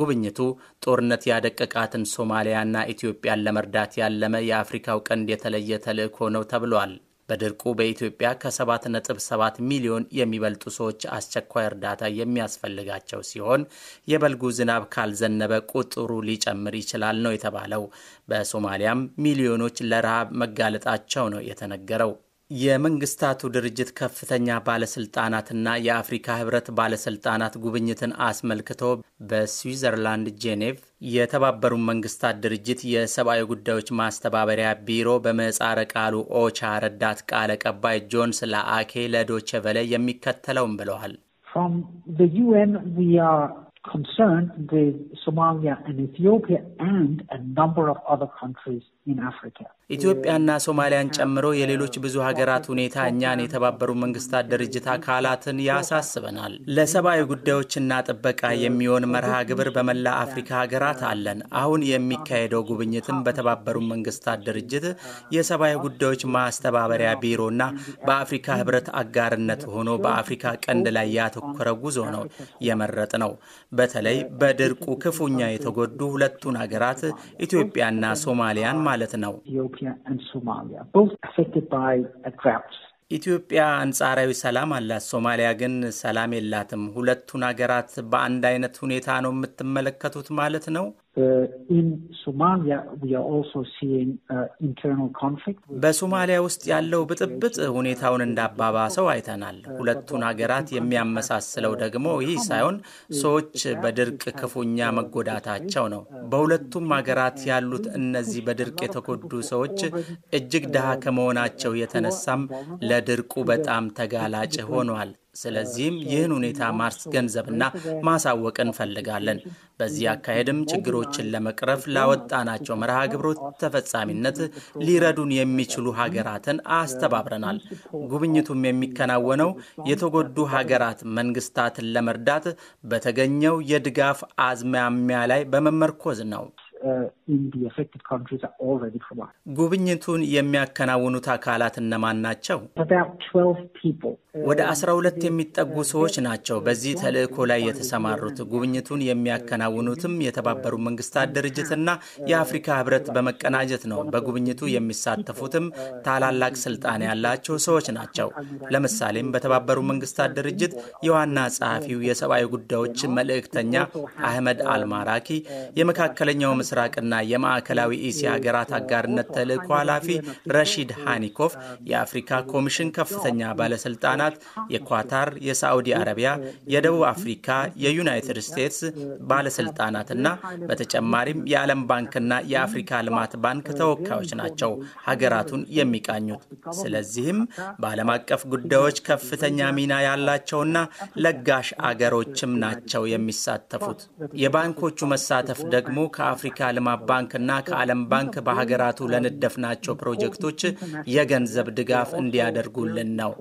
ጉብኝቱ ጦርነት ያደቀቃትን ሶማሊያና ኢትዮጵያን ለመርዳት ያለመ የአፍሪካው ቀንድ የተለየ ተልዕኮ ነው ተብሏል። በድርቁ በኢትዮጵያ ከ7.7 ሚሊዮን የሚበልጡ ሰዎች አስቸኳይ እርዳታ የሚያስፈልጋቸው ሲሆን የበልጉ ዝናብ ካልዘነበ ቁጥሩ ሊጨምር ይችላል ነው የተባለው። በሶማሊያም ሚሊዮኖች ለረሃብ መጋለጣቸው ነው የተነገረው። የመንግስታቱ ድርጅት ከፍተኛ ባለስልጣናትና የአፍሪካ ህብረት ባለስልጣናት ጉብኝትን አስመልክቶ በስዊዘርላንድ ጄኔቭ የተባበሩ መንግስታት ድርጅት የሰብአዊ ጉዳዮች ማስተባበሪያ ቢሮ በምህጻረ ቃሉ ኦቻ ረዳት ቃል አቀባይ ጆንስ ላአኬ ለዶቸቨለ የሚከተለውም ብለዋል። concern with Somalia and Ethiopia and a number of other countries in Africa. ኢትዮጵያና ሶማሊያን ጨምሮ የሌሎች ብዙ ሀገራት ሁኔታ እኛን የተባበሩ መንግስታት ድርጅት አካላትን ያሳስበናል። ለሰብአዊ ጉዳዮችና ጥበቃ የሚሆን መርሃ ግብር በመላ አፍሪካ ሀገራት አለን። አሁን የሚካሄደው ጉብኝትም በተባበሩ መንግስታት ድርጅት የሰብአዊ ጉዳዮች ማስተባበሪያ ቢሮና በአፍሪካ ህብረት አጋርነት ሆኖ በአፍሪካ ቀንድ ላይ ያተኮረ ጉዞ ነው የመረጥ ነው። በተለይ በድርቁ ክፉኛ የተጎዱ ሁለቱን ሀገራት ኢትዮጵያና ሶማሊያን ማለት ነው። ኢትዮጵያ አንጻራዊ ሰላም አላት። ሶማሊያ ግን ሰላም የላትም። ሁለቱን ሀገራት በአንድ አይነት ሁኔታ ነው የምትመለከቱት ማለት ነው? Uh, uh, በሶማሊያ ውስጥ ያለው ብጥብጥ ሁኔታውን እንዳባባሰው አይተናል። uh, ሁለቱን ሀገራት የሚያመሳስለው ደግሞ ይህ ሳይሆን ሰዎች በድርቅ ክፉኛ መጎዳታቸው ነው። በሁለቱም ሀገራት ያሉት እነዚህ በድርቅ የተጎዱ ሰዎች እጅግ ድሃ ከመሆናቸው የተነሳም ለድርቁ በጣም ተጋላጭ ሆኗል። ስለዚህም uh, ይህን ሁኔታ ማስገንዘብና ማሳወቅ እንፈልጋለን። በዚህ አካሄድም ችግሮችን ለመቅረፍ ላወጣናቸው መርሃ ግብሮች ተፈጻሚነት ሊረዱን የሚችሉ ሀገራትን አስተባብረናል። ጉብኝቱም የሚከናወነው የተጎዱ ሀገራት መንግስታትን ለመርዳት በተገኘው የድጋፍ አዝማሚያ ላይ በመመርኮዝ ነው። uh, ጉብኝቱን የሚያከናውኑት አካላት እነማን ናቸው? Uh, ወደ አስራ ሁለት የሚጠጉ ሰዎች ናቸው በዚህ ተልእኮ ላይ የተሰማሩት። ጉብኝቱን የሚያከናውኑትም የተባበሩት መንግስታት uh, ድርጅትና uh, የአፍሪካ ህብረት በመቀናጀት ነው። በጉብኝቱ የሚሳተፉትም ታላላቅ ስልጣን ያላቸው ሰዎች ናቸው። ለምሳሌም በተባበሩት መንግስታት ድርጅት የዋና ጸሐፊው የሰብአዊ ጉዳዮች መልእክተኛ አህመድ አልማራኪ፣ የመካከለኛው ምስራቅና የማዕከላዊ እስያ ሀገራት አጋርነት ተልእኮ ኃላፊ ረሺድ ሃኒኮፍ፣ የአፍሪካ ኮሚሽን ከፍተኛ ባለስልጣናት፣ የኳታር፣ የሳዑዲ አረቢያ፣ የደቡብ አፍሪካ፣ የዩናይትድ ስቴትስ ባለስልጣናትና በተጨማሪም የዓለም ባንክና የአፍሪካ ልማት ባንክ ተወካዮች ናቸው ሀገራቱን የሚቃኙት። ስለዚህም በዓለም አቀፍ ጉዳዮች ከፍተኛ ሚና ያላቸውና ለጋሽ አገሮችም ናቸው የሚሳተፉት። የባንኮቹ መሳተፍ ደግሞ ከአፍሪካ ልማት ባንክና ከዓለም ባንክ በሀገራቱ ለነደፍናቸው ፕሮጀክቶች የገንዘብ ድጋፍ እንዲያደርጉልን ነው።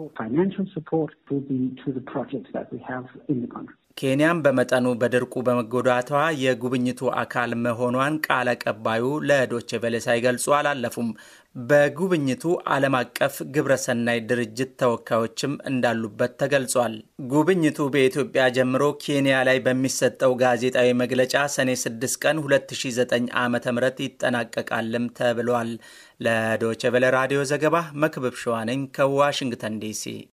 ኬንያም በመጠኑ በድርቁ በመጎዳቷ የጉብኝቱ አካል መሆኗን ቃል አቀባዩ ለዶቼ ቬለ ሳይገልጹ አላለፉም። በጉብኝቱ ዓለም አቀፍ ግብረሰናይ ድርጅት ተወካዮችም እንዳሉበት ተገልጿል። ጉብኝቱ በኢትዮጵያ ጀምሮ ኬንያ ላይ በሚሰጠው ጋዜጣዊ መግለጫ ሰኔ 6 ቀን 2009 ዓ ም ይጠናቀቃልም ተብሏል። ለዶቸቨለ ራዲዮ ዘገባ መክብብ ሸዋነኝ ከዋሽንግተን ዲሲ